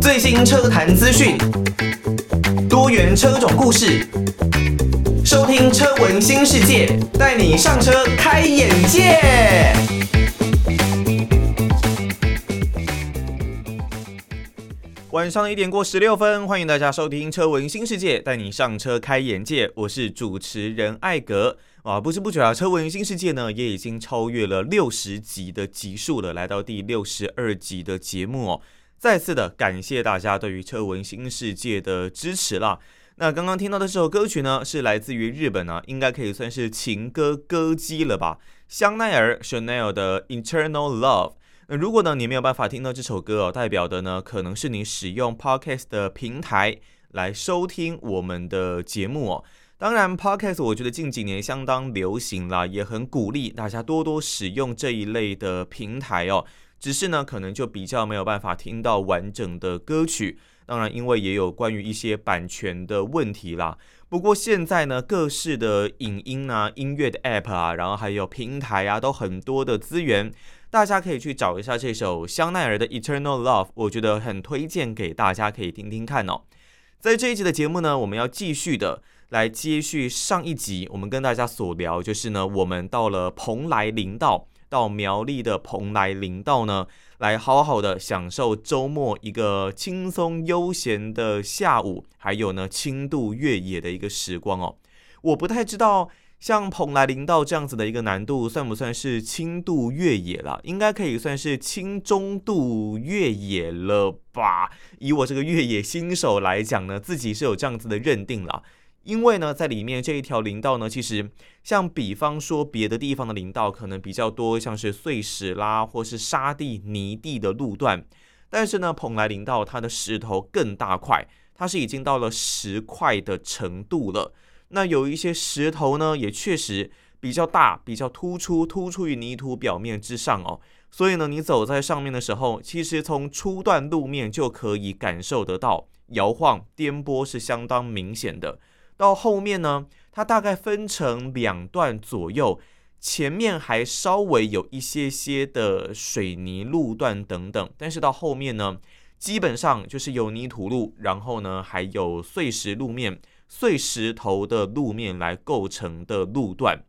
最新車壇資訊，多元車種故事，收聽車聞新世界，帶你上車開眼界。晚上一點過十六分，歡迎大家收聽車聞新世界，帶你上車開眼界。我是主持人艾格。啊，不知不覺啊，《車文新世界》呢也已經超越了六十集的集數了，來到第六十二集的節目哦。再次的感謝大家對於《車文新世界》的支持啦。那剛剛聽到的這首歌曲呢，是來自於日本呢、啊，應該可以算是情歌歌姬了吧，《香奈兒 Chanel》的《Internal Love》。那如果呢你沒有辦法聽到這首歌哦，代表的呢可能是你使用 Podcast 的平台來收聽我們的節目哦。當然，Podcast 我覺得近幾年相當流行啦，也很鼓勵大家多多使用這一類的平台哦。只是呢，可能就比較沒有辦法聽到完整的歌曲。當然，因為也有關於一些版權的問題啦。不過現在呢，各式的影音啊、音樂的 App 啊，然後還有平台啊，都很多的資源，大家可以去找一下這首香奈兒的 Eternal Love，我覺得很推薦給大家可以聽聽看哦。在這一集的節目呢，我們要繼續的。來接續上一集，我們跟大家所聊，就是呢，我們到了蓬萊林道，到苗栗的蓬萊林道呢，來好好的享受周末一個輕鬆悠閒的下午，還有呢輕度越野的一個時光哦。我不太知道，像蓬萊林道這樣子的一個難度，算不算是輕度越野了？應該可以算是輕中度越野了吧？以我這個越野新手來講呢，自己是有這樣子的認定了。因為呢，在裡面這一條林道呢，其實像比方說別的地方的林道可能比較多，像是碎石啦，或是沙地、泥地的路段，但是呢，蓬萊林道它的石頭更大塊，它是已經到了石塊的程度了。那有一些石頭呢，也確實比較大，比較突出，突出於泥土表面之上哦。所以呢，你走在上面的時候，其實從初段路面就可以感受得到搖晃、顛簸是相當明顯的。到後面呢，它大概分成兩段左右，前面還稍微有一些些的水泥路段等等，但是到後面呢，基本上就是有泥土路，然後呢還有碎石路面、碎石頭的路面來構成的路段，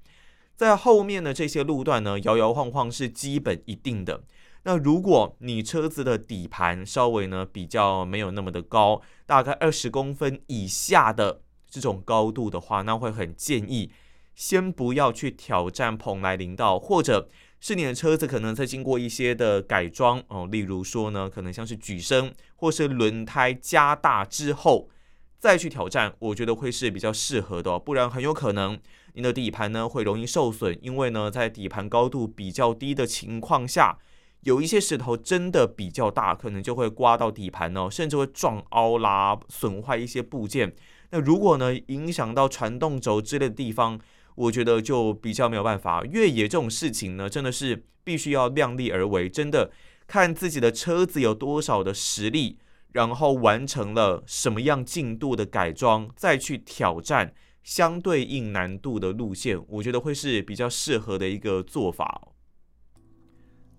在後面的這些路段呢，搖搖晃晃是基本一定的。那如果你車子的底盤稍微呢，比較沒有那麼的高，大概二十公分以下的。這種高度的話，那會很建議先不要去挑戰蓬萊林道，或者是你的車子可能在經過一些的改裝哦，例如說呢，可能像是舉升或是輪胎加大之後再去挑戰，我覺得會是比較適合的哦，不然很有可能你的底盤呢會容易受損，因為呢在底盤高度比較低的情況下，有一些石頭真的比較大，可能就會刮到底盤呢，甚至會撞凹啦，損壞一些部件。那如果呢，影響到傳動軸之類的地方，我覺得就比較沒有辦法。越野這種事情呢，真的是必須要量力而為，真的看自己的車子有多少的實力，然後完成了什麼樣進度的改裝，再去挑戰相對應難度的路線，我覺得會是比較適合的一個做法。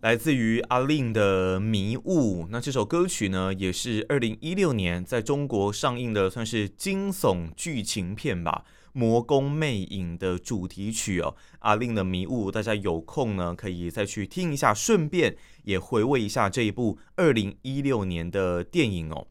來自於 A-Lin 的《迷霧》，那這首歌曲呢，也是二零一六年在中國上映的，算是驚悚劇情片吧，《魔宮魅影》的主題曲哦。A-Lin 的《迷霧》，大家有空呢可以再去聽一下，順便也回味一下這一部二零一六年的電影哦。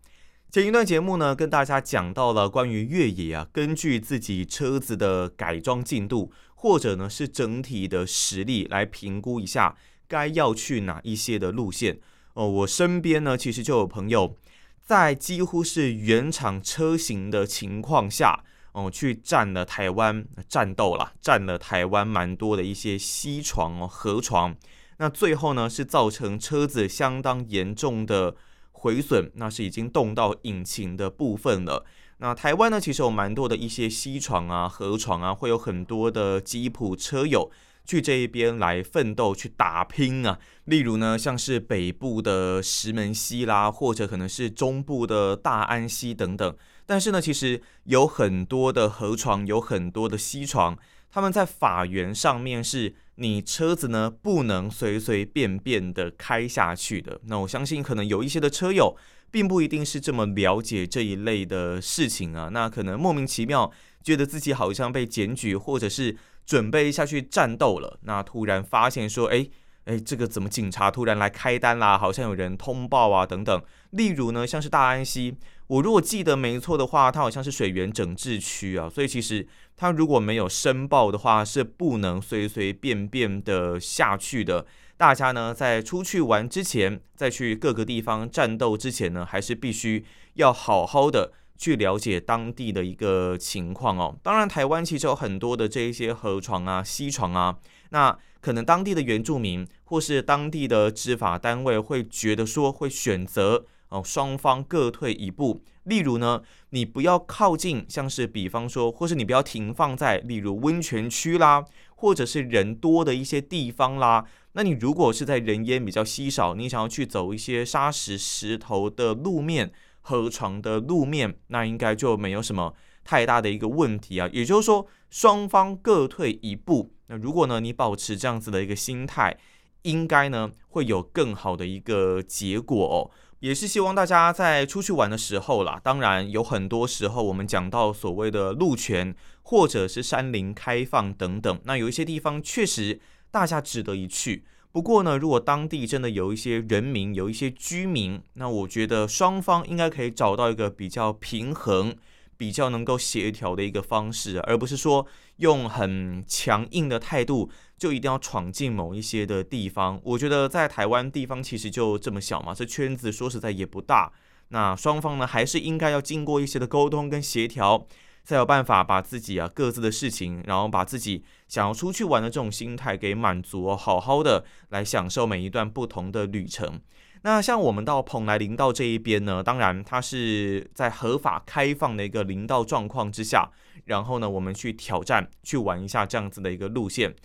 前一段節目呢，跟大家講到了關於越野啊，根據自己車子的改裝進度，或者呢是整體的實力來評估一下。該要去哪一些的路線？哦，我身邊呢，其實就有朋友在幾乎是原廠車型的情況下，哦，去佔了台灣戰鬥了，佔了台灣蠻多的一些溪床哦、河床。那最後呢，是造成車子相當嚴重的毀損，那是已經動到引擎的部分了。那台灣呢，其實有蠻多的一些溪床啊、河床啊，會有很多的吉普車友。去這一邊來奮鬥、去打拼啊！例如呢，像是北部的石門溪啦，或者可能是中部的大安溪等等。但是呢，其實有很多的河床，有很多的溪床，他們在法源上面是，你車子呢不能隨隨便便的開下去的。那我相信，可能有一些的車友，並不一定是這麼了解這一類的事情啊。那可能莫名其妙，覺得自己好像被檢舉，或者是。準備下去戰鬥了，那突然發現說，哎哎，這個怎麼警察突然來開單啦？好像有人通報啊，等等。例如呢，像是大安溪，我如果記得沒錯的話，它好像是水源整治區啊，所以其實它如果沒有申報的話，是不能隨隨便便的下去的。大家呢，在出去玩之前，在去各個地方戰鬥之前呢，還是必須要好好的。去了解當地的一個情況哦。當然，台灣其實有很多的這些河床啊、溪床啊。那可能當地的原住民或是當地的執法單位會覺得說，會選擇哦，雙方各退一步。例如呢，你不要靠近，像是比方說，或是你不要停放在例如溫泉區啦，或者是人多的一些地方啦。那你如果是在人煙比較稀少，你想要去走一些沙石、石頭的路面。河床的路面，那應該就沒有什麼太大的一個問題啊。也就是說，雙方各退一步，那如果呢，你保持這樣子的一個心態，應該呢會有更好的一個結果哦。也是希望大家在出去玩的時候啦，當然有很多時候我們講到所謂的路權或者是山林開放等等，那有一些地方確實大家值得一去。不過呢，如果當地真的有一些人民，有一些居民，那我覺得雙方應該可以找到一個比較平衡、比較能夠協調的一個方式，而不是說用很強硬的態度就一定要闖進某一些的地方。我覺得在台灣地方其實就這麼小嘛，這圈子說實在也不大。那雙方呢，還是應該要經過一些的溝通跟協調。才有辦法把自己啊各自的事情，然後把自己想要出去玩的這種心態給滿足哦，好好的來享受每一段不同的旅程。那像我們到蓬萊林道這一邊呢，當然它是在合法開放的一個林道狀況之下，然後呢，我們去挑戰，去玩一下這樣子的一個路線。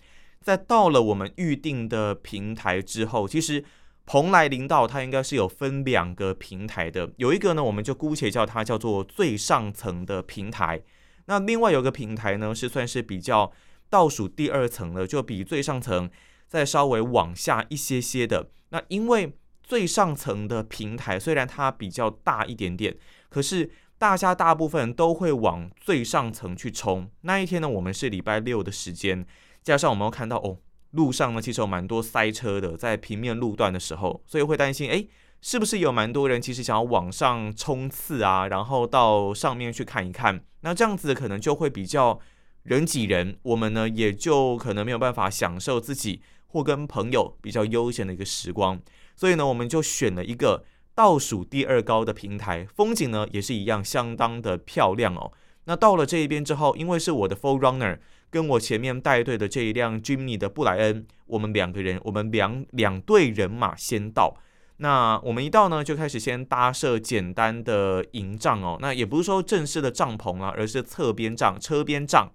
在到了我們預定的平台之後，其實。蓬萊林道它應該是有分兩個平台的，有一個呢，我們就姑且叫它叫做最上層的平台，那另外有個平台呢是算是比較倒數第二層了，就比最上層再稍微往下一些些的。那因為最上層的平台雖然它比較大一點點，可是大家大部分都會往最上層去衝。那一天呢，我們是禮拜六的時間，加上我們要看到哦。路上呢，其實有蠻多塞車的，在平面路段的時候，所以會擔心，哎，是不是有蠻多人其實想要往上衝刺啊，然後到上面去看一看，那這樣子可能就會比較人擠人，我們呢也就可能沒有辦法享受自己或跟朋友比較悠閒的一個時光，所以呢，我們就選了一個倒數第二高的平台，風景呢也是一樣相當的漂亮哦。那到了這一邊之後，因為是我的 4Runner。跟我前面帶隊的這一輛 Jimny 的布萊恩，我們兩個人，我們兩兩隊人馬先到。那我們一到呢，就開始先搭設簡單的營帳哦。那也不是說正式的帳篷啊，而是側邊帳、車邊帳。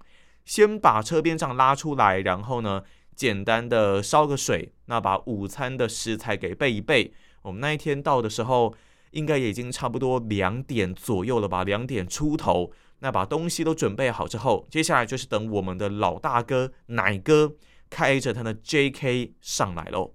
先把車邊帳拉出來，然後呢，簡單的燒個水，那把午餐的食材給備一備。我們那一天到的時候，應該已經差不多兩點左右了吧？兩點出頭。那把東西都準備好之後，接下來就是等我們的老大哥奶哥開着他的 JK 上來嘍。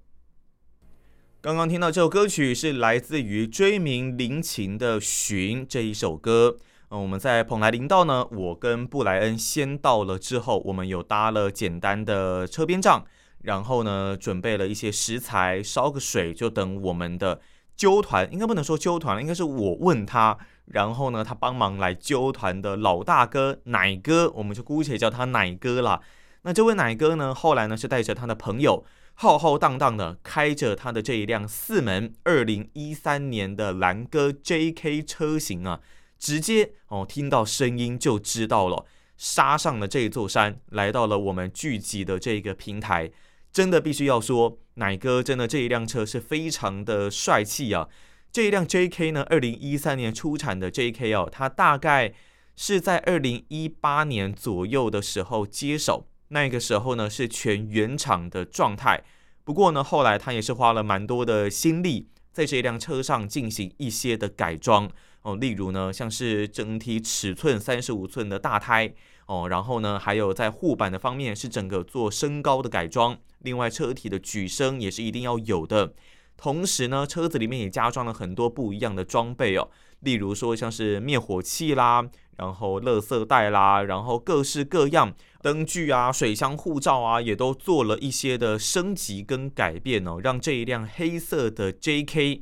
剛剛聽到這首歌曲是來自於椎名林檎的《尋》這一首歌。嗯，我們在蓬萊林道呢，我跟布萊恩先到了之後，我們有搭了簡單的車邊帳，然後呢，準備了一些食材，燒個水，就等我們的揪團，應該不能說揪團，應該是我問他。然後呢，他幫忙來揪團的老大哥奶哥，我們就姑且叫他奶哥啦。那這位奶哥呢，後來呢是帶着他的朋友，浩浩蕩蕩的開着他的這一輛四門2013年的藍哥 JK 車型啊，直接哦，聽到聲音就知道了，殺上了這一座山，來到了我們聚集的這個平台。真的必須要說，奶哥真的這一輛車是非常的帥氣啊。這一輛 JK 呢，二零一三年出產的 JK 哦，它大概是在二零一八年左右的時候接手，那個時候呢是全原廠的狀態。不過呢，後來它也是花了蠻多的心力，在這一輛車上進行一些的改裝哦，例如呢，像是整體尺寸三十五寸的大胎哦，然後呢，還有在護板的方面是整個做升高的改裝，另外車體的舉升也是一定要有的。同時呢，車子裡面也加裝了很多不一樣的裝備哦，例如說像是滅火器啦，然後垃圾袋啦，然後各式各樣燈具啊、水箱護罩啊，也都做了一些的升級跟改變哦，讓這一輛黑色的 JK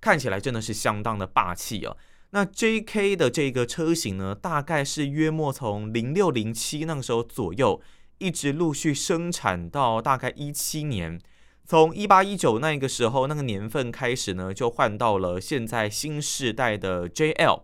看起來真的是相當的霸氣哦。那 JK 的這個車型呢，大概是約莫從零六零七那個時候左右，一直陸續生產到大概一七年。從一八一九那一個時候那個年份，開始呢，就換到了現在新世代的 JL。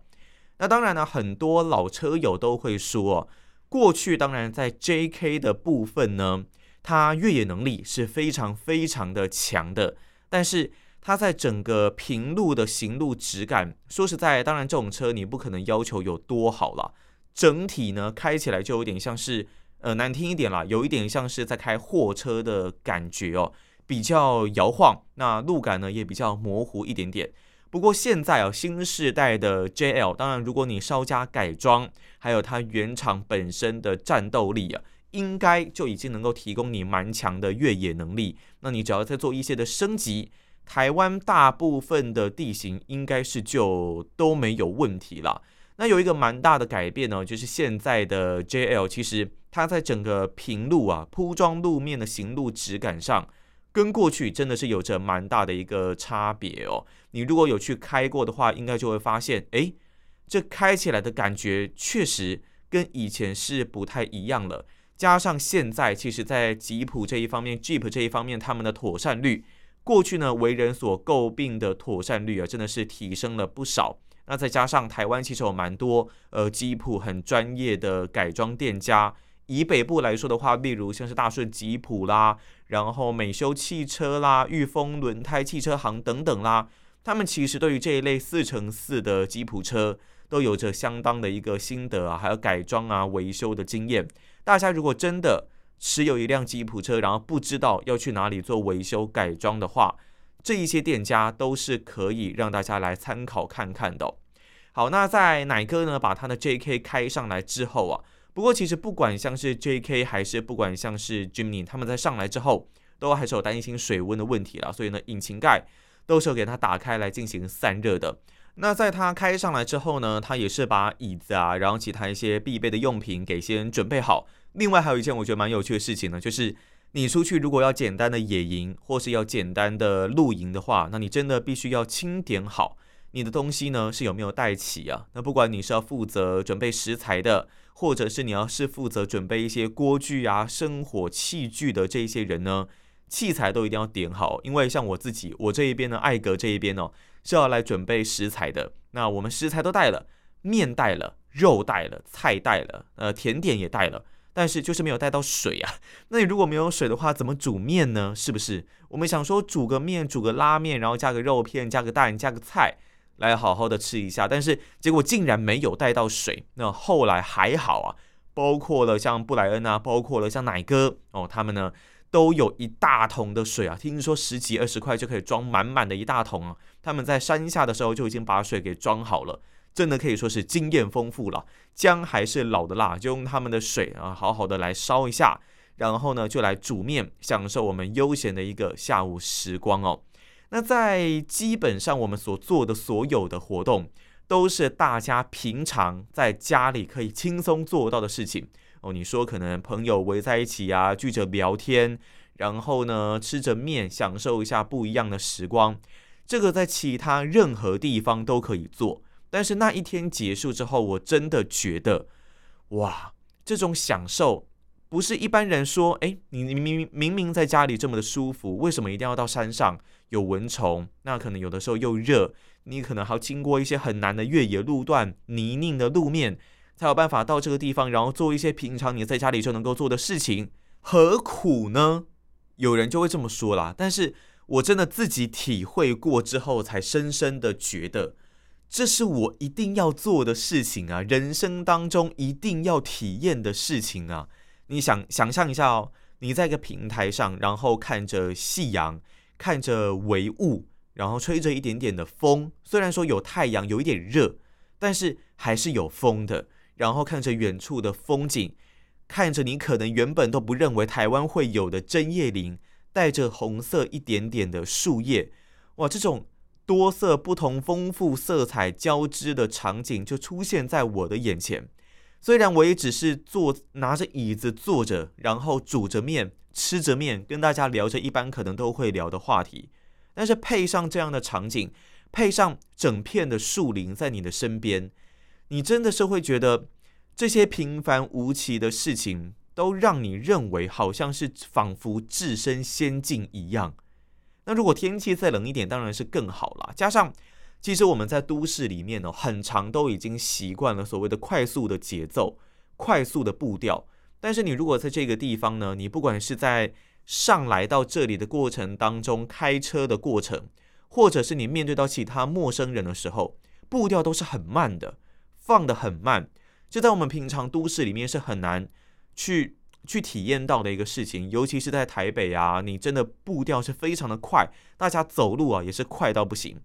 那當然呢，很多老車友都會說，哦，過去當然在 JK 的部分呢，它越野能力是非常非常的強的。但是它在整個平路的行路質感，說實在，當然這種車你不可能要求有多好了。整體呢，開起來就有點像是，呃，難聽一點啦，有一點像是在開貨車的感覺哦。比較搖晃，那路感呢，也比較模糊一點點。不過現在啊，新世代的 JL，當然如果你稍加改裝，還有它原廠本身的戰鬥力啊，應該就已經能夠提供你蠻強的越野能力。那你只要再做一些的升級，台灣大部分的地形應該是就都沒有問題了。那有一個蠻大的改變呢，就是現在的 JL，其實它在整個平路啊、鋪裝路面的行路質感上。跟過去真的是有着蠻大的一個差別哦。你如果有去開過的話，應該就會發現，哎，這開起來的感覺確實跟以前是不太一樣了。加上現在，其實，在吉普這一方面，Jeep 這一方面，他們的妥善率，過去呢為人所詬病的妥善率啊，真的是提升了不少。那再加上台灣其實有蠻多呃吉普很專業的改裝店家，以北部來說的話，例如像是大順吉普啦。然後美修汽車啦、裕豐輪胎、汽車行等等啦，他們其實對於這一類四乘四的吉普車都有着相當的一個心得啊，還有改裝啊、維修的經驗。大家如果真的持有一輛吉普車，然後不知道要去哪裡做維修改裝的話，這一些店家都是可以讓大家來參考看看的。好，那在奶哥呢把他的 JK 開上來之後啊。不過其實不管像是 JK 還是不管像是 Jimny，他們在上來之後，都還是有擔心水溫的問題啦，所以呢，引擎蓋都是有給它打開來進行散熱的。那在它開上來之後呢，它也是把椅子啊，然後其他一些必備的用品給先準備好。另外還有一件我覺得蠻有趣的事情呢，就是你出去如果要簡單的野營或是要簡單的露營的話，那你真的必須要清點好你的東西呢，是有沒有帶齊啊？那不管你是要負責準備食材的，或者是你要是負責準備一些鍋具啊、生火器具的這些人呢，器材都一定要點好。因為像我自己，我這一邊呢，艾格這一邊哦，是要來準備食材的。那我們食材都帶了，麵帶了，肉帶了，菜帶了，呃，甜點也帶了，但是就是沒有帶到水啊。那你如果沒有水的話，怎麼煮麵呢？是不是？我們想說煮個麵，煮個拉麵，然後加個肉片，加個蛋，加個菜。來好好的吃一下，但是結果竟然沒有帶到水。那後來還好啊，包括了像布萊恩啊，包括了像奶哥哦，他們呢都有一大桶的水啊。聽說十幾二十塊就可以裝滿滿的一大桶啊。他們在山下的時候就已經把水給裝好了，真的可以說是經驗豐富了。薑還是老的辣，就用他們的水啊，好好的來燒一下，然後呢就來煮麵，享受我們悠閒的一個下午時光哦。那在基本上，我們所做的所有的活動，都是大家平常在家裡可以輕鬆做到的事情。哦，你說可能朋友圍在一起啊，聚着聊天，然後呢吃着麵，享受一下不一樣的時光。這個在其他任何地方都可以做，但是那一天結束之後，我真的覺得，哇，這種享受。不是一般人說，哎，你明明明明在家裡這麼的舒服，為什麼一定要到山上有蚊蟲？那可能有的時候又熱，你可能還要經過一些很難的越野路段、泥濘的路面，才有辦法到這個地方，然後做一些平常你在家裡就能夠做的事情。何苦呢？有人就會這麼說啦，但是我真的自己體會過之後，才深深的覺得，這是我一定要做的事情啊，人生當中一定要體驗的事情啊。你想想象一下哦，你在一個平台上，然後看着夕陽，看着微霧，然後吹着一點點的風。雖然說有太陽，有一點熱，但是還是有風的。然後看着遠處的風景，看着你可能原本都不認為台灣會有的針葉林，帶着紅色一點點的樹葉，哇，這種多色、不同、豐富色彩交織的場景就出現在我的眼前。雖然我也只是坐拿着椅子坐着，然後煮着面吃着面，跟大家聊着一般可能都會聊的話題，但是配上這樣的場景，配上整片的樹林在你的身邊，你真的是會覺得這些平凡無奇的事情都讓你認為好像是仿佛置身仙境一樣。那如果天氣再冷一點，當然是更好了。加上。其實我們在都市裡面呢，很常都已經習慣了所謂的快速的節奏、快速的步調。但是你如果在這個地方呢，你不管是在上來到這裡的過程當中，開車的過程，或者是你面對到其他陌生人的時候，步調都是很慢的，放得很慢。就在我們平常都市裡面是很難去去體驗到的一個事情，尤其是在台北啊，你真的步調是非常的快，大家走路啊也是快到不行。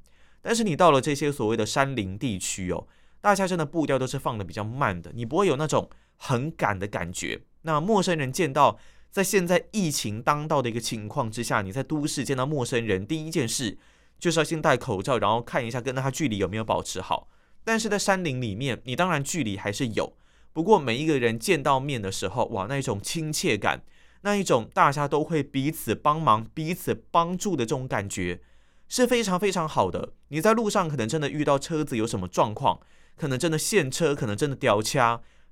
但是你到了這些所謂的山林地區哦，大家真的步調都是放得比較慢的，你不會有那種很趕的感覺。那陌生人見到，在現在疫情當道的一個情況之下，你在都市見到陌生人，第一件事就是要先戴口罩，然後看一下跟他距離有沒有保持好。但是在山林裡面，你當然距離還是有，不過每一個人見到面的時候，哇，那一種親切感，那一種大家都會彼此幫忙、彼此幫助的這種感覺。是非常非常好的。你在路上可能真的遇到車子有什麼狀況，可能真的陷車，可能真的掉漆，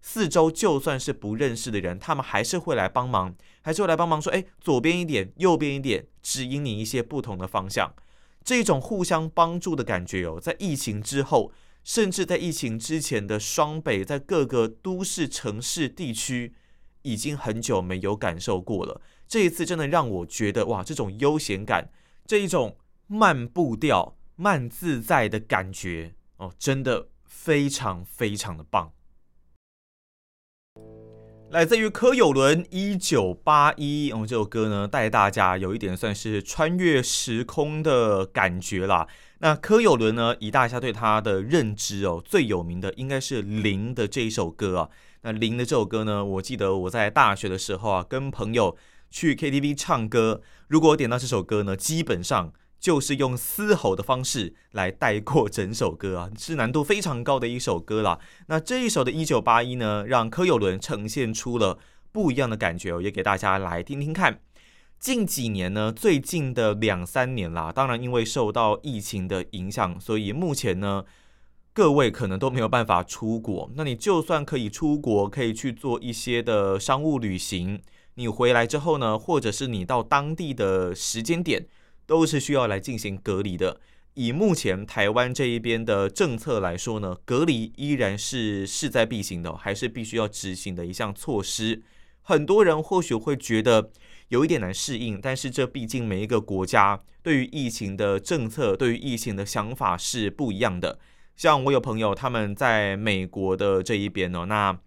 四周就算是不認識的人，他們還是會來幫忙，還是會來幫忙說，哎，左邊一點，右邊一點，指引你一些不同的方向。這一種互相幫助的感覺哦，在疫情之後，甚至在疫情之前的雙北，在各個都市城市地區，已經很久沒有感受過了。這一次真的讓我覺得哇，這種悠閒感，這一種。慢步調、慢自在的感覺哦，真的非常非常的棒。來自於柯有倫《一九八一》哦，這首歌呢帶大家有一點算是穿越時空的感覺啦。那柯有倫呢，以大家對他的認知哦，最有名的應該是《零》的這一首歌啊。那《零》的這首歌呢，我記得我在大學的時候啊，跟朋友去 KTV 唱歌，如果點到這首歌呢，基本上。就是用嘶吼的方式來帶過整首歌啊，是難度非常高的一首歌啦。那這一首的《一九八一》呢，讓柯有倫呈現出了不一樣的感覺哦，也給大家來聽聽看。近幾年呢，最近的兩三年啦，當然因為受到疫情的影響，所以目前呢，各位可能都沒有辦法出國。那你就算可以出國，可以去做一些的商務旅行，你回來之後呢，或者是你到當地的時間點。都是需要來進行隔離的。以目前台灣這一邊的政策來說呢，隔離依然是勢在必行的，還是必須要執行的一項措施。很多人或許會覺得有一點難適應，但是這畢竟每一個國家對於疫情的政策、對於疫情的想法是不一樣的。像我有朋友，他們在美國的這一邊呢、哦，那。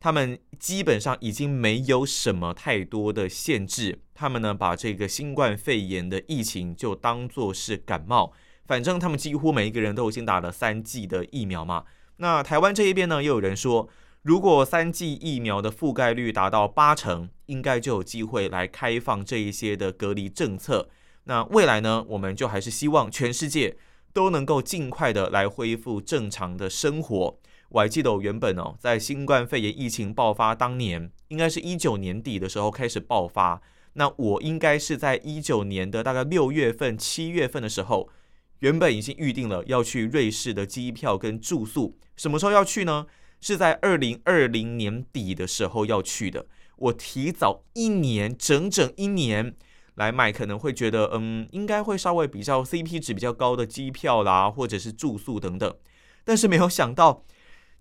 他們基本上已經沒有什麼太多的限制，他們呢把這個新冠肺炎的疫情就當作是感冒，反正他們幾乎每一個人都已經打了三劑的疫苗嘛。那台灣這一邊呢，又有人說，如果三劑疫苗的覆蓋率達到八成，應該就有機會來開放這一些的隔離政策。那未來呢，我們就還是希望全世界都能夠盡快的來恢復正常的生活。我還記得我原本哦，在新冠肺炎疫情爆發當年，應該是一九年底的時候開始爆發。那我應該是在一九年的大概六月份、七月份的時候，原本已經預定了要去瑞士的機票跟住宿。什麼時候要去呢？是在二零二零年底的時候要去的。我提早一年，整整一年來買，可能會覺得嗯，應該會稍微比較 CP 值，比較高的機票啦，或者是住宿等等。但是沒有想到。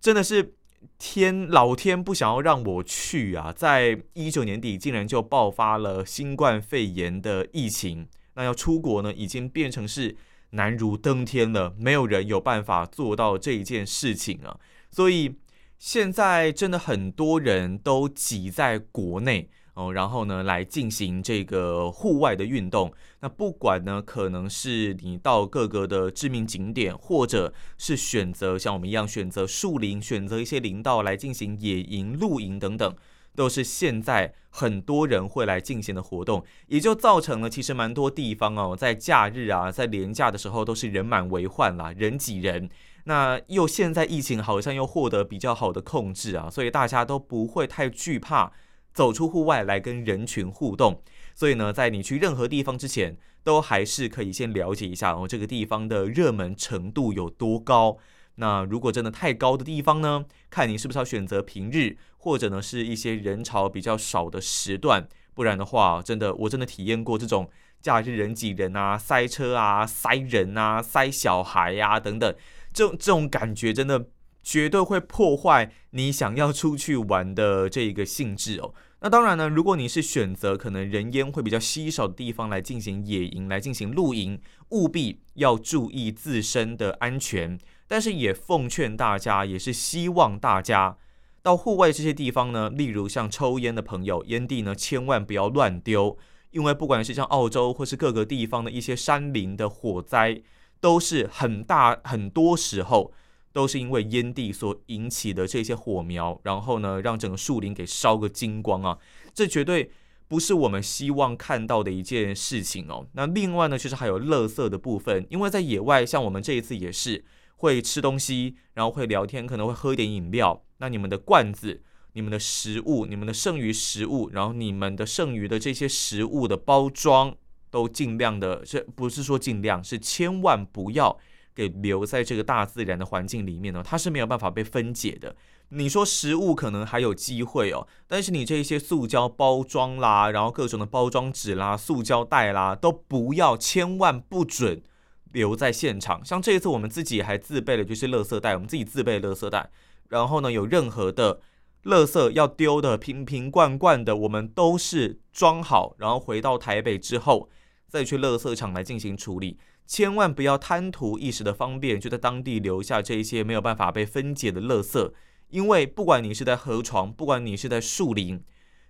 真的是天，老天不想要讓我去啊！在一九年底，竟然就爆發了新冠肺炎的疫情。那要出國呢，已經變成是難如登天了，沒有人有辦法做到這一件事情啊。所以現在真的很多人都擠在國內。哦，然後呢，來進行這個戶外的運動。那不管呢，可能是你到各個的知名景點，或者是選擇像我們一樣選擇樹林、選擇一些林道來進行野營、露營等等，都是現在很多人會來進行的活動。也就造成了其實蠻多地方哦，在假日啊，在連假的時候都是人滿為患啦，人擠人。那又現在疫情好像又獲得比較好的控製啊，所以大家都不會太懼怕。走出戶外來跟人群互動，所以呢，在你去任何地方之前，都還是可以先了解一下哦，這個地方的熱門程度有多高。那如果真的太高的地方呢，看你是不是要選擇平日，或者呢是一些人潮比較少的時段，不然的話，真的我真的體驗過這種，假日人擠人啊、塞車啊、塞人啊、塞小孩呀、啊、等等，這種這種感覺真的絕對會破壞你想要出去玩的這一個性質哦。那當然呢，如果你是選擇可能人煙會比較稀少的地方來進行野營、來進行露營，務必要注意自身的安全。但是也奉勸大家，也是希望大家到戶外這些地方呢，例如像抽煙的朋友，煙蒂呢，千萬不要亂丟，因為不管是像澳洲或是各個地方的一些山林的火災，都是很大，很多時候。都是因為煙蒂所引起的這些火苗，然後呢，讓整個樹林給燒個精光啊！這絕對不是我們希望看到的一件事情哦。那另外呢，其實還有垃圾的部分，因為在野外，像我們這一次也是會吃東西，然後會聊天，可能會喝一點飲料。那你們的罐子、你們的食物、你們的剩餘食物，然後你們的剩餘的這些食物的包裝，都儘量的，是，不是說儘量，是千萬不要，給留在這個大自然的環境裡面呢、哦，它是沒有辦法被分解的。你說食物可能還有機會哦，但是你這一些塑膠包裝啦，然後各種的包裝紙啦、塑膠袋啦，都不要，千萬不准留在現場。像這一次我們自己還自備了，就是垃圾袋，我們自己自備垃圾袋。然後呢，有任何的垃圾要丟的瓶瓶罐罐的，我們都是裝好，然後回到台北之後再去垃圾場來進行處理。千萬不要貪圖一時的方便，就在當地留下這些沒有辦法被分解的垃圾，因為不管你是在河床，不管你是在樹林，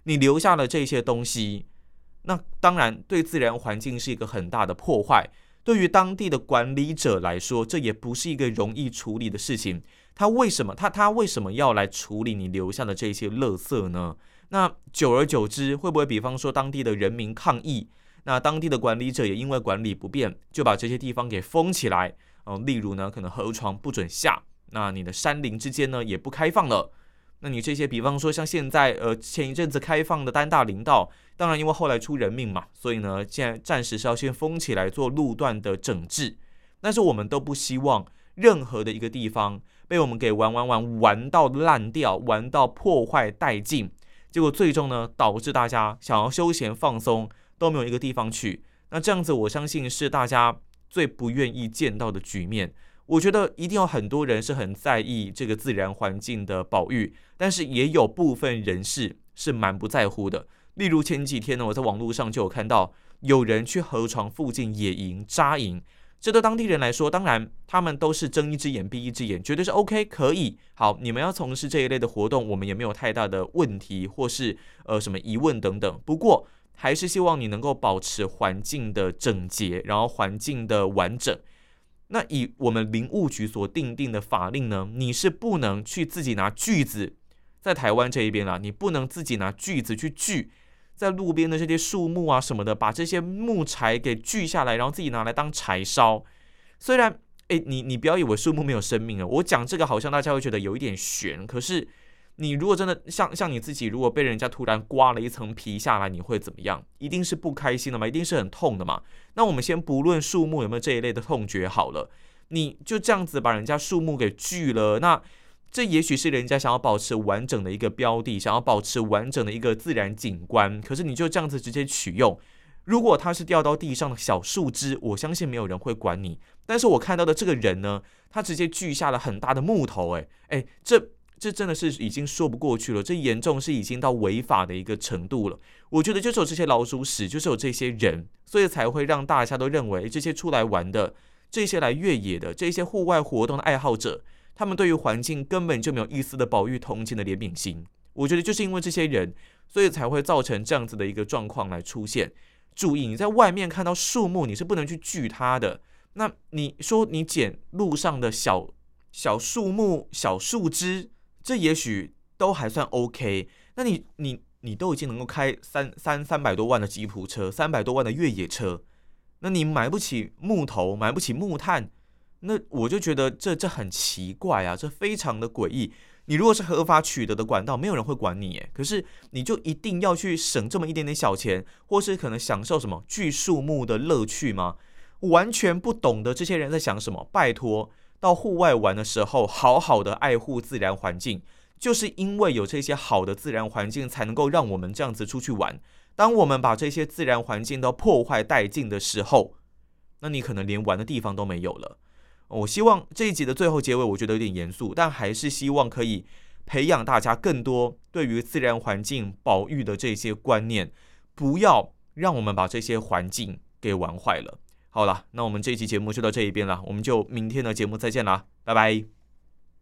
你留下了這些東西，那當然對自然環境是一個很大的破壞。對於當地的管理者來說，這也不是一個容易處理的事情。他為什麼，他，他為什麼要來處理你留下的這些垃圾呢？那久而久之，會不會比方說當地的人民抗議？那當地的管理者也因為管理不便，就把這些地方給封起來。嗯，例如呢，可能河床不准下，那你的山林之間呢也不開放了。那你這些，比方說像現在，呃，前一陣子開放的丹大林道，當然因為後來出人命嘛，所以呢，現在暫時是要先封起來做路段的整治。但是我們都不希望任何的一個地方被我們給玩玩玩玩到爛掉，玩到破壞殆盡，結果最終呢，導致大家想要休閒放鬆。都沒有一個地方去，那這樣子，我相信是大家最不願意見到的局面。我覺得一定有很多人是很在意這個自然環境的保育，但是也有部分人士是蠻不在乎的。例如前幾天呢，我在網絡上就有看到有人去河床附近野營紮營，這對當地人來說，當然他們都是睜一隻眼閉一隻眼，絕對是 OK 可以。好，你們要從事這一類的活動，我們也沒有太大的問題或是呃什麼疑問等等。不過。還是希望你能夠保持環境的整潔，然後環境的完整。那以我們林務局所定定的法令呢，你是不能去自己拿鋸子在台灣這一邊啊，你不能自己拿鋸子去鋸在路邊的這些樹木啊什麼的，把這些木柴給鋸下來，然後自己拿來當柴燒。雖然，哎，你你不要以為樹木沒有生命啊、哦，我講這個好像大家會覺得有一點玄，可是。你如果真的像像你自己，如果被人家突然刮了一層皮下來，你會怎麼樣？一定是不開心的嘛，一定是很痛的嘛。那我們先不論樹木有沒有這一類的痛覺好了，你就這樣子把人家樹木給鋸了。那這也許是人家想要保持完整的一個標的，想要保持完整的一個自然景觀。可是你就這樣子直接取用。如果它是掉到地上的小樹枝，我相信沒有人會管你。但是我看到的這個人呢，他直接鋸下了很大的木頭，欸。誒哎，這。這真的是已經說不過去了，這嚴重是已經到違法的一個程度了。我覺得就是有這些老鼠屎，就是有這些人，所以才會讓大家都認為這些出來玩的、這些來越野的、這些戶外活動的愛好者，他們對於環境根本就沒有一絲的保育同情的憐憫心。我覺得就是因為這些人，所以才會造成這樣子的一個狀況來出現。注意，你在外面看到樹木，你是不能去鋸它的。那你說你撿路上的小小樹木、小樹枝？這也許都還算 OK，那你你你都已經能夠開三三三百多萬的吉普車，三百多萬的越野車，那你買不起木頭，買不起木炭，那我就覺得這這很奇怪啊，這非常的詭異。你如果是合法取得的管道，沒有人會管你耶。可是你就一定要去省這麼一點點小錢，或是可能享受什麼鋸樹木的樂趣嗎？完全不懂得這些人在想什麼，拜託。到戶外玩的時候，好好的愛護自然環境，就是因為有這些好的自然環境，才能夠讓我們這樣子出去玩。當我們把這些自然環境都破壞殆盡的時候，那你可能連玩的地方都沒有了。我、哦、希望這一集的最後結尾，我覺得有點嚴肅，但還是希望可以培養大家更多對於自然環境保育的這些觀念，不要讓我們把這些環境給玩壞了。好了，那我們這期節目就到這一邊了，我們就明天的節目再見了，拜拜。